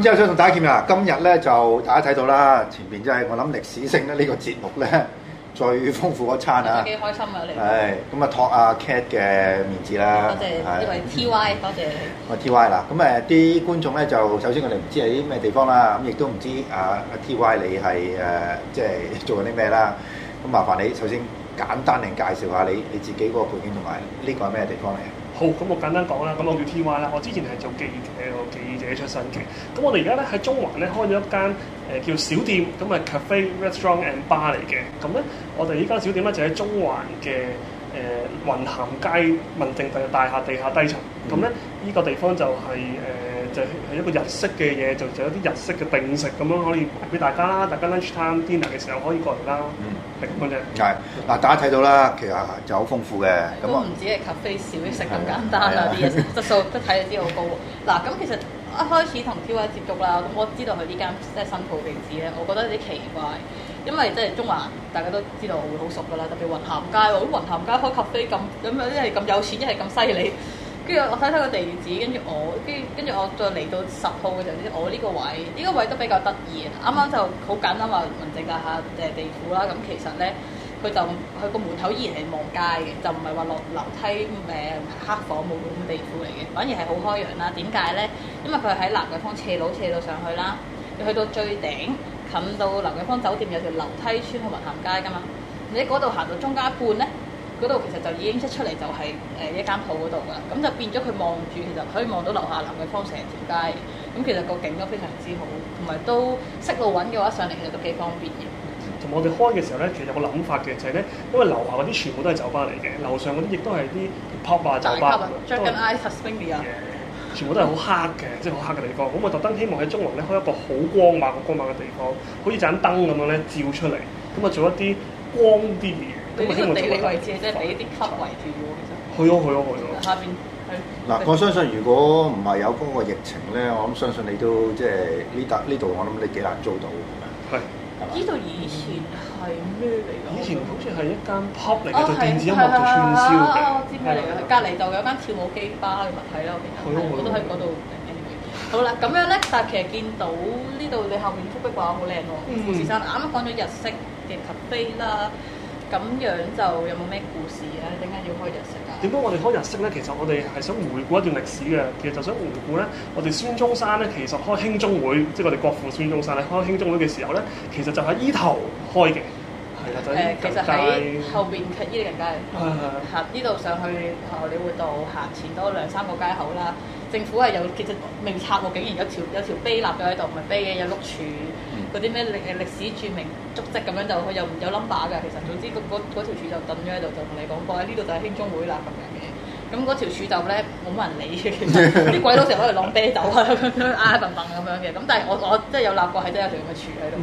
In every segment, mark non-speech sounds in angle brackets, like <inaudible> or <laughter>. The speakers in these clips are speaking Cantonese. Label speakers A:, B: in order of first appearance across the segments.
A: 咁之後想同大家見面啦！今日咧就大家睇到啦，前邊就係我諗歷史性咧呢個節目咧最豐富一餐啊！幾開心啊
B: 你！係
A: 咁啊，託阿 Cat 嘅面子啦，多謝呢位 T.Y. 多謝。你是。我 T.Y. 嗱，咁誒啲觀眾咧就首先我哋唔知喺啲咩地方啦，咁亦都唔知啊阿、uh, uh, T.Y. 你係誒即係做緊啲咩啦？咁麻煩你首先簡單嚟介紹下你你自己嗰個背景同埋呢個係咩地方嚟？
C: 好，咁我簡單講啦。咁我叫 T.Y. 啦，我之前係做記者，記者出身嘅。咁我哋而家咧喺中環咧開咗一間誒、呃、叫小店，咁、嗯、啊 cafe restaurant and bar 嚟嘅。咁、嗯、咧，我哋呢間小店咧就喺中環嘅誒、呃、雲咸街文政大廈地下低層。咁、嗯、咧，呢、嗯嗯這個地方就係、是、誒。呃就係一個日式嘅嘢，就就有啲日式嘅定食咁樣可以賣俾大家啦，大家 lunch time、dinner 嘅時候可以過嚟啦，
A: 咁嘅啫。係是，嗱、嗯、大家睇到啦，其實就好豐富嘅。咁
C: 我唔止
B: 係咖啡小食咁簡單啦，啲質素 <laughs> 都睇到啲好高喎。嗱、啊，咁其實一開始同 TY 接觸啦，咁我知道佢呢間即係新鋪地址咧，我覺得有啲奇怪，因為即係中環大家都知道會好熟噶啦，特別雲咸街喎，咁雲咸街開咖啡咁，咁樣一係咁有錢，一係咁犀利。跟住我睇睇個地址，跟住我，跟跟住我再嚟到十號嘅時候先，我呢個位，呢、這個位都比較得意。啱啱就好簡單話，文景閣嚇定地庫啦。咁其實咧，佢就佢個門口依然係望街嘅，就唔係話落樓梯誒黑房冇咁地庫嚟嘅，反而係好開揚啦。點解咧？因為佢喺蘭桂坊斜路斜到上去啦，你去到最頂，近到蘭桂坊酒店有條樓梯穿去雲咸街噶嘛，你喺嗰度行到中間一半咧。嗰度其實就已經一出嚟就係誒一間鋪嗰度啦，咁就變咗佢望住，其實可以望到樓下臨嘅方成條街，咁其實個景都非常之好，同埋都識路揾嘅話上嚟其實都幾方便
C: 嘅。同埋我哋開嘅時候咧，其實有個諗法嘅就係咧，因為樓下嗰啲全部都係酒吧嚟嘅，樓上嗰啲亦都係啲 pop 吧、酒吧，全部都係好黑嘅，即係好黑嘅地方。咁 <laughs> 我特登希望喺中環咧開一個好光猛、好光猛嘅地方，好似盞燈咁樣咧照出嚟，咁啊做一
A: 啲
B: 光啲地理位置即
A: 係俾啲 club 圍住喎，
B: 其實。去咯，去咯，去咯。下邊嗱，我相
A: 信如果唔係有嗰個疫情咧，我諗相信你都即係呢笪呢度，我諗你幾難做到。
B: 係。呢度以前係咩嚟㗎？以前
C: 好似
A: 係一間 pub 嚟嘅，電子音樂嘅串燒。我知咩嚟㗎？隔離
B: 度有間跳舞機吧嘅物體啦，我記得。我都喺嗰度好啦，咁樣咧，但係其實見到呢度你後面幅壁畫好靚喎。嗯。其實啱啱講咗日式嘅咖啡啦。咁樣就有冇咩故事咧？
C: 點解要開日式噶？點解我哋開日式咧？其實我哋係想回顧一段歷史嘅，其實就想回顧咧。我哋孫中山咧，其實開興中會，即係我哋國父孫中山係開興中會嘅時候咧，其實就喺依頭開嘅，係啊的，就依個街後
B: 邊，依個街，係係加，呢度的、嗯、上去你會到，行前多兩三個街口啦。政府係有，其實明察我竟然有條有條碑立咗喺度，唔係碑嘅，有碌柱。嗰啲咩歷誒歷史著名足跡咁樣，就佢又有 number 嘅。其實總之嗰條柱就揼咗喺度，就同你講過喺呢度就係興中會啦咁樣嘅，咁嗰條柱就咧冇乜人理嘅，其實啲鬼佬成日喺度攞啤酒啊，咁樣挨唪唪咁樣嘅，咁 <laughs> <laughs> 但係我我真係有立過喺呢一條嘅柱喺度，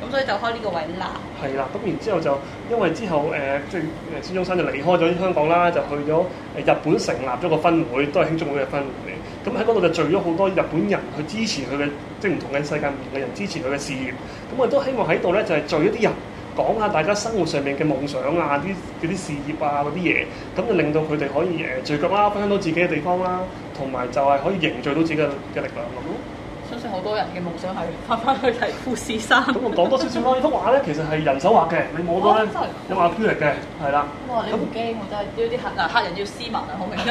B: 咁、嗯、所以就開呢個位立。
C: 係啦，咁然之後就因為之後即係誒孫中山就離開咗香港啦，就去咗誒日本成立咗個分會，都係興中會嘅分會。咁喺嗰度就聚咗好多日本人去支持佢嘅，即係唔同嘅世界唔同嘅人支持佢嘅事業，咁我都希望喺度咧就係、是、聚一啲人，講下大家生活上面嘅夢想啊，啲嗰啲事業啊嗰啲嘢，咁就令到佢哋可以誒、呃、聚腳啦、啊，分享到自己嘅地方啦、啊，同埋就係可以凝聚到自己嘅嘅力量咯。好多人嘅夢想係翻翻去睇富士山多多。咁我講多少少啦，呢幅畫咧其實係人手畫嘅，你冇咗咧有阿 Q 嚟嘅，係啦。哇！你唔驚喎，真係那，因為啲客啊客人要斯文
B: 啊，好明
C: 顯。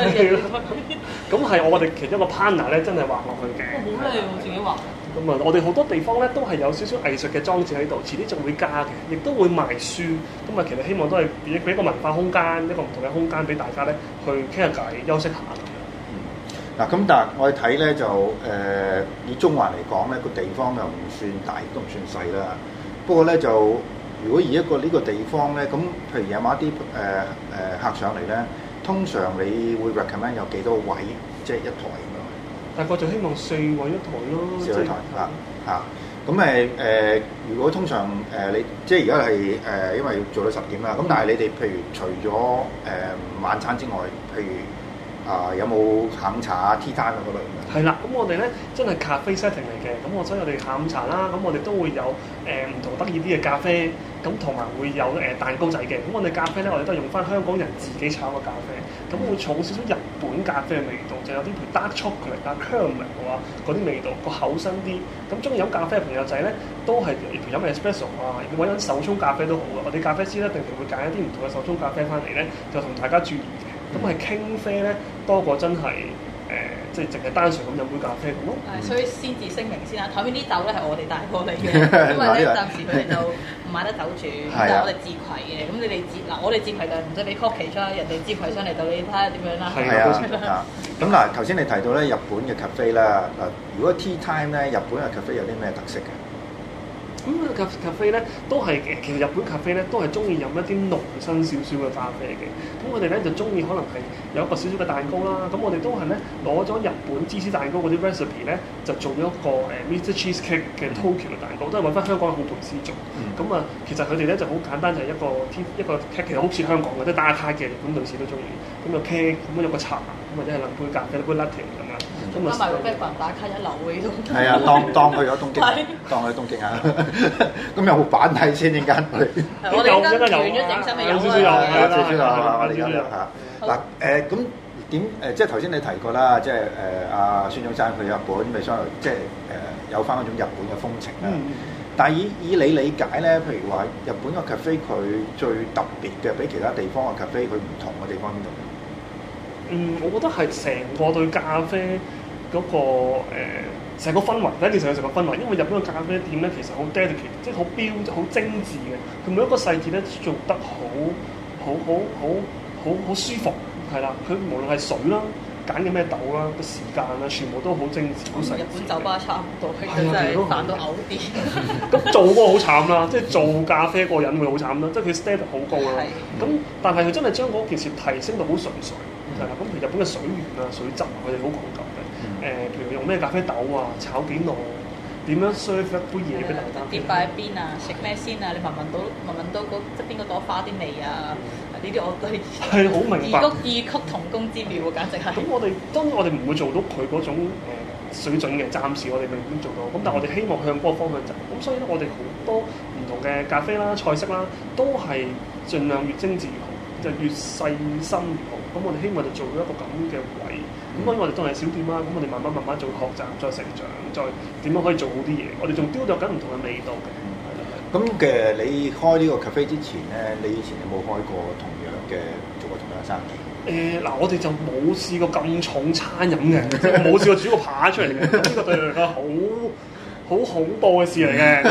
C: 咁係的 <laughs> 我我哋其中一個 partner 咧，真係畫落去嘅。
B: 好靚
C: 喎，的自己畫。咁啊，我哋好多地方咧都係有少少藝術嘅裝置喺度，遲啲就會加嘅，亦都會賣書。咁啊，其實希望都係俾一個文化空間，一個唔同嘅空間俾大家咧去傾下
A: 偈、休息下。嗱咁，但係我哋睇咧就誒、呃，以中環嚟講咧個地方又唔算大，都唔算細啦。不過咧就，如果以一個呢個地方咧，咁譬如有冇一啲誒誒客上嚟咧，通常你會 recommend 有幾多位即係一台咁樣？
C: 大概就希望四位一台咯。四位台，
A: 嚇嚇。咁誒誒，如果通常誒你、呃、即係而家係誒，因為做到十點啦。咁但係你哋譬如除咗誒、呃、晚餐之外，譬如。啊，有冇下午茶啊、tea time 嗰類，係啦，
C: 咁我哋咧真係咖啡 setting 嚟嘅，咁我所以我哋下午茶啦，咁我哋都會有誒唔、呃、同得意啲嘅咖啡，咁同埋會有誒、呃、蛋糕仔嘅。咁我哋咖啡咧，我哋都係用翻香港人自己炒嘅咖啡，咁會重少少日本咖啡嘅味道，就是、有啲譬如 dark chocolate、caramel 哇嗰啲味道，個厚身啲。咁中意飲咖啡嘅朋友仔咧，都係譬如飲 espresso 啊，如果揾手沖咖啡都好啊。我哋咖啡師咧，平時會揀一啲唔同嘅手沖咖啡翻嚟咧，就同大家注意。咁係傾啡咧多過真係誒，即係淨係單純咁飲杯咖啡咁咯。係，嗯、所以
B: 先至聲明先啦。後面呢，豆咧係我哋帶過嚟嘅，因為咧暫時佢哋就唔買得豆住，就我哋自攜嘅。咁你哋接嗱，我哋自攜就唔使俾 cookie 出，Recently, 人哋自攜上嚟到，你睇下
A: 點樣啦。係啊，咁嗱、嗯，頭先、嗯嗯嗯、你提到咧日本嘅咖啡啦，嗱，如果 tea time 咧日本嘅咖啡有啲咩特色嘅？
C: 咁咖啡 f 咧都係誒，其實日本咖啡 f 咧都係中意飲一啲濃身少少嘅咖啡嘅。咁我哋咧就中意可能係有一個少少嘅蛋糕啦。咁我哋都係咧攞咗日本芝士蛋糕嗰啲 recipe 咧，就做咗一個誒 Mr Cheesecake 嘅 Tokyo、ok、嘅蛋糕，都係揾翻香港嘅烘焙師做。咁啊，其實佢哋咧就好簡單，就係、是、一個 t 一個 cake，其實好似香港嘅，啲打卡嘅日本女士都中意。咁就 cake，咁有個
A: 茶，咁或者係冷杯咖啡、冷杯 latte 咁啊。加埋
B: 個飛凡打卡一流喎。呢種係啊，當唔當去咗東京？
A: 當去東京啊？咁有冇板睇先陣間？我哋我哋完咗頂新咪有啊！謝我哋咁樣嚇嗱誒，咁點誒？即係頭先你提過啦，即係誒阿孫中山去日本咪所以即係誒有翻嗰種日本嘅風情啦。但係以以你理解咧，譬如話日本嘅 cafe 佢最特別嘅，比其他地方嘅 cafe 佢唔同嘅地方邊度？嗯，
C: 我覺得係成個對咖啡。嗰個成個氛圍，第一件事係成個氛圍，因為日本嘅咖啡店咧其實好 dedicate 即係好標好精緻嘅。佢每一個細節咧做得好，好好好好好舒服，係啦。佢無論係水啦，揀嘅咩豆啦，個時間啊，全部都好精緻。同日本酒吧差
B: 唔多，係真係難到嘔啲。
C: 咁做嗰個好慘啦，即係做咖啡過癮會好慘啦，即係佢 stand 好高啦。咁但係佢真係將嗰件事提升到好純粹，係啦。咁佢日本嘅水源啊、水質啊，佢哋好講究。譬如用咩咖啡豆啊？炒幾耐？點樣 serve 一杯嘢俾大家？碟
B: 擺喺邊啊？食咩先啊？你聞唔聞到？聞唔聞到嗰側邊嗰朵花啲味啊？呢啲我都係好明白，異曲異曲同工之妙
C: 啊！簡直係。咁我哋當然我哋唔會做到佢嗰種水準嘅，暫時我哋未必做到。咁但係我哋希望向嗰個方向走。咁所以咧，我哋好多唔同嘅咖啡啦、菜式啦，都係盡量越精緻越好。就越細心越好，咁我哋希望就做到一個咁嘅位，咁所以我哋當然係小店啦，咁我哋慢慢慢慢做擴展、再成長、再點樣可以做好啲嘢，我哋仲雕琢緊唔同嘅味道嘅。
A: 咁嘅、嗯、你開呢個 cafe 之前咧，你以前有冇開過同樣嘅做過同樣嘅生意？誒
C: 嗱、欸，我哋就冇試過咁重餐飲嘅，冇 <laughs> 試過煮個扒
A: 出嚟嘅，呢 <laughs> 個對佢好。
C: 好恐怖嘅事嚟嘅，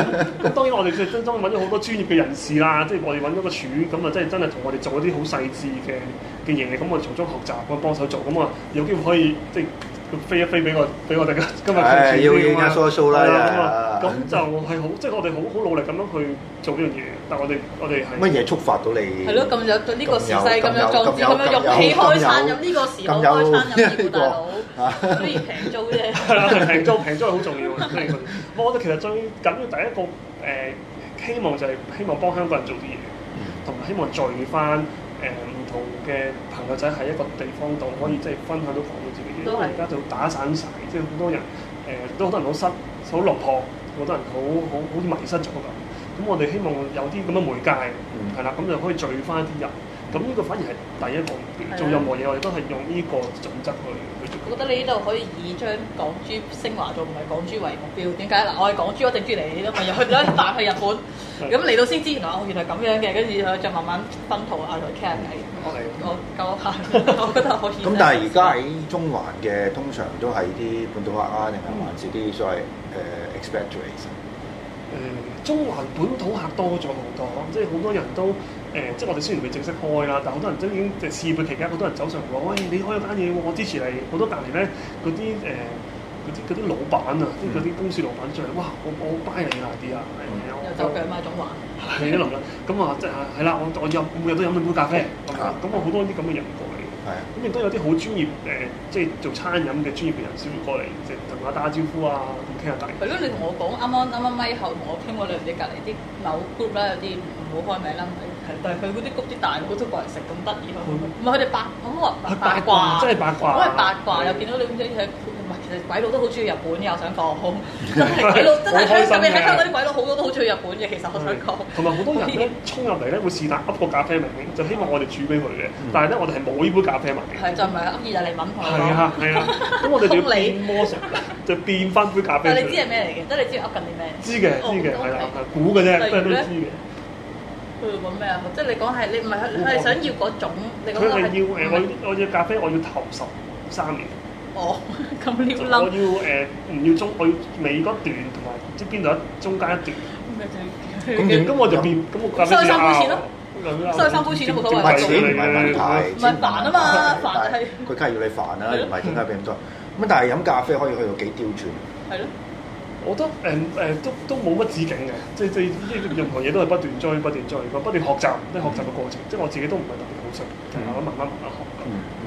C: 咁當然我哋就真真揾咗好多專業嘅人士啦，即係我哋揾咗個廚，咁啊真係真係同我哋做一啲好細緻嘅嘅營理，咁我哋從中學習，我幫手做，咁啊有機會可以即係飛一飛俾我俾我大家今日嘅處經啊，係啊，咁就係好，即係我哋好好努力咁樣去做呢樣嘢，但係我哋我哋
A: 係乜嘢觸發到你？
B: 係咯，咁有呢個時勢，咁樣壯志，咁
A: 樣勇氣開餐產，有呢個時候開餐，有呢
B: 個。 <laughs> 不 <laughs> 如 <laughs> <laughs> 平
A: 租啫。平租平租係好重要，
C: 我覺得其實最緊要第一個誒希望就係希望幫香港人做啲嘢，同埋希望聚翻誒唔同嘅朋友仔喺一個地方度可以即係分享到講到自己嘢。是因為而家就打散晒，即係好多人誒都好多人好失，好落魄，好多人好好好迷失咗咁。咁我哋希望有啲咁嘅媒介，係啦、嗯，咁就可以聚翻啲人。咁呢個反而係第一個做任何嘢，我哋都係用呢個準則去去。
B: 我覺得你呢度可以以將港豬升華做唔係港豬為目標，點解嗱？我係港豬，我直珠嚟，都咪入去咗，帶去日本，咁嚟 <laughs> 到先知原來原來咁樣嘅。跟住佢就慢慢奔圖啊同傾下偈，我嚟我交下， <laughs> 我覺得可
A: 以。咁 <laughs> 但係而家喺中環嘅通常都係啲本土客啊，定係還是啲所謂誒 expectation？
C: 誒，中環本土客多咗好多，即係好多人都。誒，即係我哋雖然未正式開啦，但好多人已經即係試業期間，好多人走上嚟講，喂，你開一間嘢我支持你。好多隔離咧，嗰啲誒，嗰啲嗰啲老闆啊，即係嗰啲公司老闆上嚟，哇，我我好 buy 你啊啲啊，又走腳買種話，係啦，咁啊，即係係啦，我我每日都飲緊杯咖啡，咁我好多啲咁嘅人過嚟，咁亦都有啲好專業誒，即係做餐飲嘅專業嘅人先會過嚟，即係同我打招呼啊，咁傾下偈。如果你同我講，啱啱啱啱咪後同我傾過兩次，隔離啲樓 group 啦，有啲唔好開名
B: 啦。但係佢嗰啲谷啲蛋糕都過嚟食咁得意咯，唔係佢哋八八卦，真係八卦，講係八卦又見到你咁樣，其實鬼佬都好中意日本又想放講，鬼佬特別喺香港啲鬼佬好多都好中意日本
C: 嘅，其實我想講，同埋好多人咧衝入嚟咧會試下噏個咖啡名嘅，就希望我哋煮俾佢嘅，但係咧我哋係冇呢杯咖啡名嘅，就唔係啦，二
B: 就嚟揾我啊係啊，咁我哋要變魔術，
C: 就變翻杯咖啡，你知係
B: 咩嚟嘅，即係你知噏
C: 緊啲咩？知嘅知嘅係啦，估嘅啫，即都知嘅。
B: 佢要揾咩啊？即係你講係你唔係，係想要嗰種。佢係
C: 要誒，我我要咖啡，我要頭十三年。哦，咁了我要誒，唔要中，我要尾嗰段同埋，即係邊度一中間一段。
B: 咁然，
C: 咁我就變咁我咖啡就收三毫錢咯。收
B: 三毫錢都冇所謂。錢唔係問題，煩啊嘛，煩係。
A: 佢梗係要你煩又唔係點解俾咁多？咁但係飲咖啡可以去到幾刁轉。係咯。
C: 我都誒誒、呃、都都冇乜止境嘅，即係即係任何嘢都係不斷追、不斷追，個不斷學
A: 習，啲學習嘅過程。嗯、即係我自己都唔係特別好識，啊、嗯，慢慢慢慢學。嗯嗯。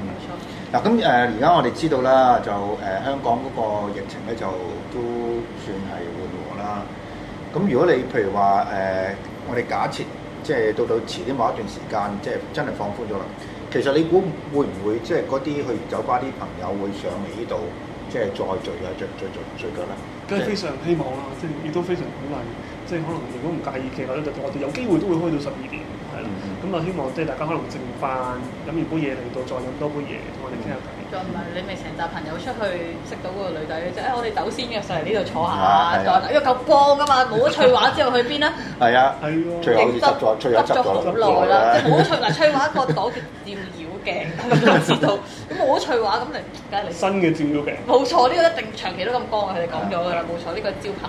A: 嗱咁誒，而家我哋知道啦，就誒、呃、香港嗰個疫情咧，就都算係緩和啦。咁、嗯、如果你譬如話誒、呃，我哋假設即係到到遲啲某一段時間，即係真係放寬咗啦。其實你估會唔會即係嗰啲去完酒吧啲朋友會上嚟呢度，即係再聚啊，再再聚唔聚腳咧？
C: 即係非常希望啦，即係的亦都非常鼓勵。即係可能，如果唔介意嘅話咧，就我哋有機會都會開到十二點，係啦。咁啊，希望即係大家可能食完飯，飲完杯嘢嚟到，再飲多杯嘢，同我哋傾下偈。
B: 再唔係你咪成集朋友出去識到嗰個女仔即啊！我哋走先嘅，上嚟呢度坐下，坐下。因為夠
A: 光㗎嘛，冇咗翠華之後去邊啊？係啊，係啊，翠華執咗，翠華執咗咁耐啦。即係冇咗
B: 翠華，翠華個檔叫照妖鏡，大家知道。咁冇咗翠華，咁嚟，梗係
A: 新嘅照妖鏡。
B: 冇錯，呢個一定長期都咁光，佢哋講咗㗎啦。冇錯，呢個招牌。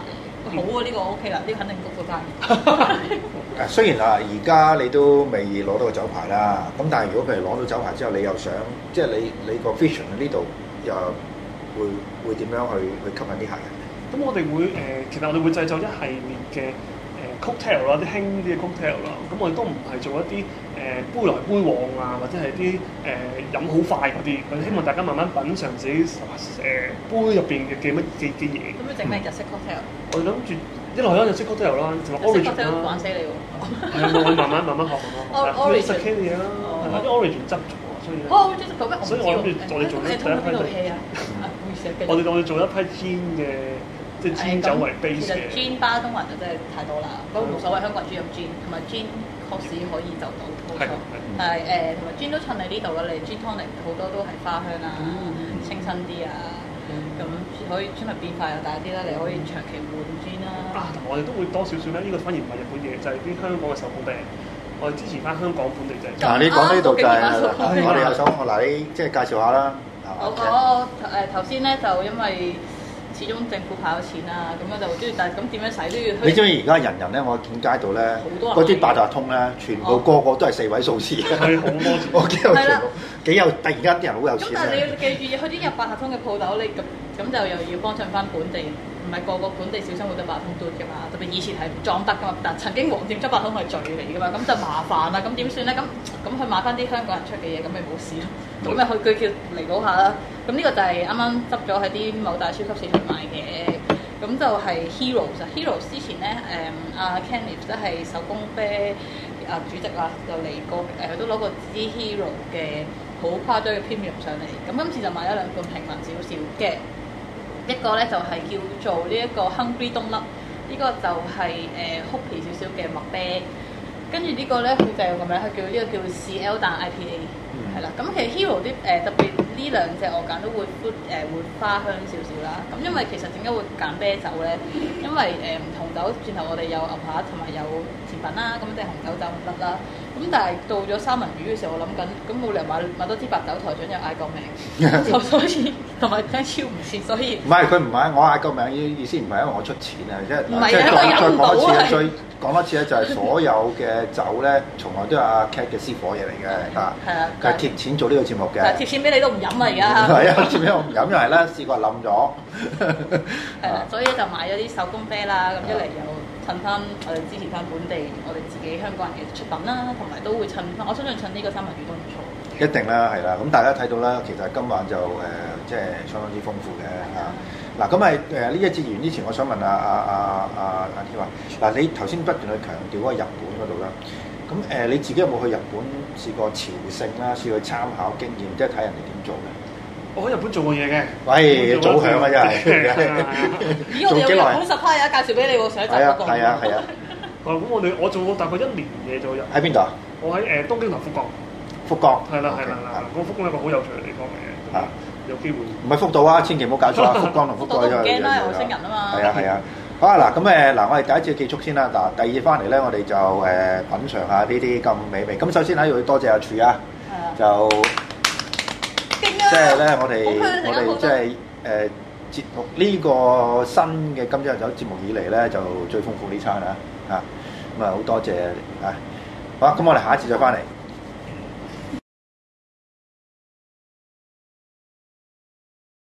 B: 好啊，呢、
A: 嗯、個 O K 啦，呢、這個肯定焗到返。誒， <laughs> 雖然啊，而家你都未攞到個酒牌啦，咁但係如果譬如攞到酒牌之後，你又想，即係你你個 vision 喺呢度又會會點樣去去吸引啲客人？
C: 咁我哋會誒、呃，其實我哋會製造一系列嘅 cocktail 啦，啲輕啲嘅 cocktail 啦，咁我哋都唔係做一啲誒杯來杯往啊，或者係啲誒飲好快嗰啲，我希望大家慢慢品嚐自己誒杯入邊嘅幾乜幾嘅嘢。咁要整咩日式 cocktail？我哋諗住，一來啦，日式 cocktail 啦，橙色啦。日
B: 式 cocktail 玩死你喎！
C: 會慢慢慢慢學，會識傾嘢啦，啲 orange 執咗，所以，
B: 我所以我諗住我哋做一批。我哋
C: 我哋做一批堅嘅。係咁 Gin 酒
B: 為 base 嘅，其實 Gin 巴東
C: 雲
B: 就真係太多啦，不過無所謂香港人專入 Gin 同埋 Gin 確實可以就
C: 到，冇錯。但係誒，同埋 Gin 都趁你呢度啦，你 Gin tonic 好多都係花香啊，清新啲啊，咁可以專入變化又大啲啦，你可以長期換
A: Gin 啦。啊，我哋都會多少少咩？呢個反而唔係日本嘢，就係啲香港嘅手工品。我哋支持翻香港本地製。嗱，你講呢度就係我哋又想嗱你即係介紹
B: 下啦。我嗰誒頭先咧，就因為。始終政府派錢啦，咁樣就中意，但係咁點樣使都要去。你中意
A: 而家人人咧，我見街度咧，嗰啲八達通咧，啊、全部個個都係四位數字嘅，好摩，幾有幾有，突然間啲人好有錢。咁但
B: 係你要記住，去啲入八達通嘅鋪頭，你咁咁就又要幫襯翻本地，唔係個個本地小商戶都八達通都得嘅嘛，特別以前係撞得嘅嘛，但曾經黃店執八通係罪嚟㗎嘛，咁就麻煩啦，咁點算咧？咁咁去買翻啲香港人出嘅嘢，咁咪冇事咯，咁咪去佢叫嚟到下啦。 <laughs> るほ咁呢個就係啱啱執咗喺啲某大超級市場買嘅，咁就係 Heroes。Heroes 之前咧，誒阿 Kenny 即係手工啤啊主席啦，就嚟過誒，佢都攞個支 Hero 嘅好誇張嘅 premium 上嚟。咁今次就買咗兩罐平民少少嘅，一個咧就係叫做呢一個 Hungry Donut，呢個就係誒 Hoppy 少少嘅麥啤，跟住呢個咧佢就有個名，係叫呢個叫 CL Dark IPA，係啦。咁其實 Heroes 啲誒特別。呢兩隻我揀都會誒會、呃、會花香少少啦，咁因為其實點解會揀啤酒咧？因為誒唔同酒，轉頭我哋有牛扒同埋有甜品啦，咁、嗯、隻紅酒就唔得啦。咁但係到咗三文魚嘅時候，我諗緊，咁冇
A: 理由買買多啲白酒。台樽又嗌個名，所以同埋張超唔蝕，所以唔係佢唔買，我嗌個名意思唔係因為我出錢啊，即係再再講一次咧，再講多次咧，就係所有嘅酒咧，從來都有阿 k a t 嘅師傅嘢嚟嘅，係啊，
B: 佢係貼
A: 錢做呢個節目嘅，貼
B: 錢俾你都唔飲啊，而家係啊，貼
A: 錢我唔飲又係啦，試過冧咗，係啦，所以就買咗啲手工啤
B: 啦，咁一嚟有。襯翻誒支持翻
A: 本地，我哋自己香港人嘅出品啦，同埋都會襯翻。我相信襯呢個三文魚都唔錯。一定啦，係啦。咁大家睇到啦，其實今晚就誒、呃、即係相當之豐富嘅嚇。嗱，咁係誒呢一節完之前，我想問下阿阿阿阿天華嗱、啊，你頭先不斷去強調嗰日本嗰度啦，咁、啊、誒你自己有冇去日本試過朝聖啦，試過參考經驗，即係睇人哋點做咧？
C: 我喺日本做過嘢嘅，喂，早響啊真係，咦我哋日本十趴有介紹俾你喎，
B: 想走過。係啊係啊係啊。咁我哋我做過大概一年
C: 嘢左右。喺邊度啊？我喺誒東京
A: 同福岡。
C: 福岡。係啦係
A: 啦嗱，個福岡係個好有趣嘅地方嚟嘅，有機會。唔係福島啊，千祈唔好搞錯啊！福岡同福島。都唔驚啦，外星人啊嘛。係啊係啊。好啊嗱，咁誒嗱，我哋第一次結束先啦，嗱，第二翻嚟咧，我哋就誒品嚐下呢啲咁美味。咁首先喺度多謝阿柱啊，就。即係咧，我哋我哋即係誒節目呢、這個新嘅《今朝有酒》節目以嚟咧，就最豐富呢餐啦嚇，咁啊好多謝嚇，好啊，咁、啊啊啊啊啊、我哋下一次再翻嚟。